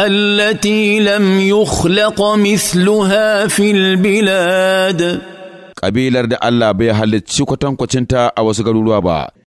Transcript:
التي لم يخلق مثلها في البلاد قبيلة الله بها لتشكتن كتنتا أو سكروا